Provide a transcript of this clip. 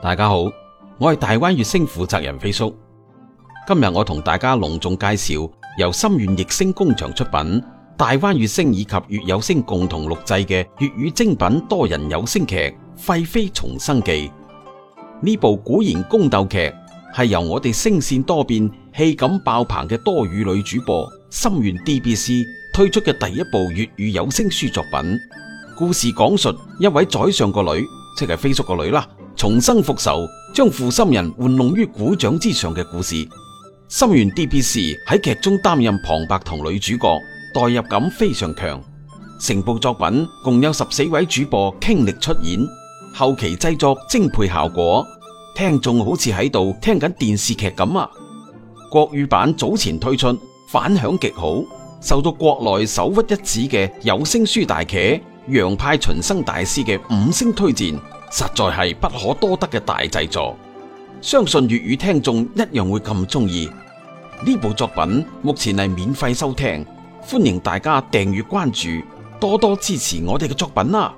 大家好，我係大灣粵聲負責人飛叔。今日我同大家隆重介紹由心源逸聲工場出品、大灣粵聲以及粵有聲共同錄製嘅粵語精品多人有聲劇《廢妃重生記》。呢部古言宮鬥劇係由我哋聲線多變、氣感爆棚嘅多語女主播心源 DBC 推出嘅第一部粵語有聲書作品。故事講述一位宰相個女，即係飛叔個女啦。重生復仇，將負心人玩弄於股掌之上嘅故事。心源 DPC 喺劇中擔任旁白同女主角，代入感非常強。成部作品共有十四位主播傾力出演，後期製作精配效果，聽眾好似喺度聽緊電視劇咁啊！國語版早前推出，反響極好，受到國內首屈一指嘅有聲書大咖楊派秦生大師嘅五星推薦。實在係不可多得嘅大製作，相信粵語聽眾一樣會咁中意。呢部作品目前係免費收聽，歡迎大家訂閱關注，多多支持我哋嘅作品啦！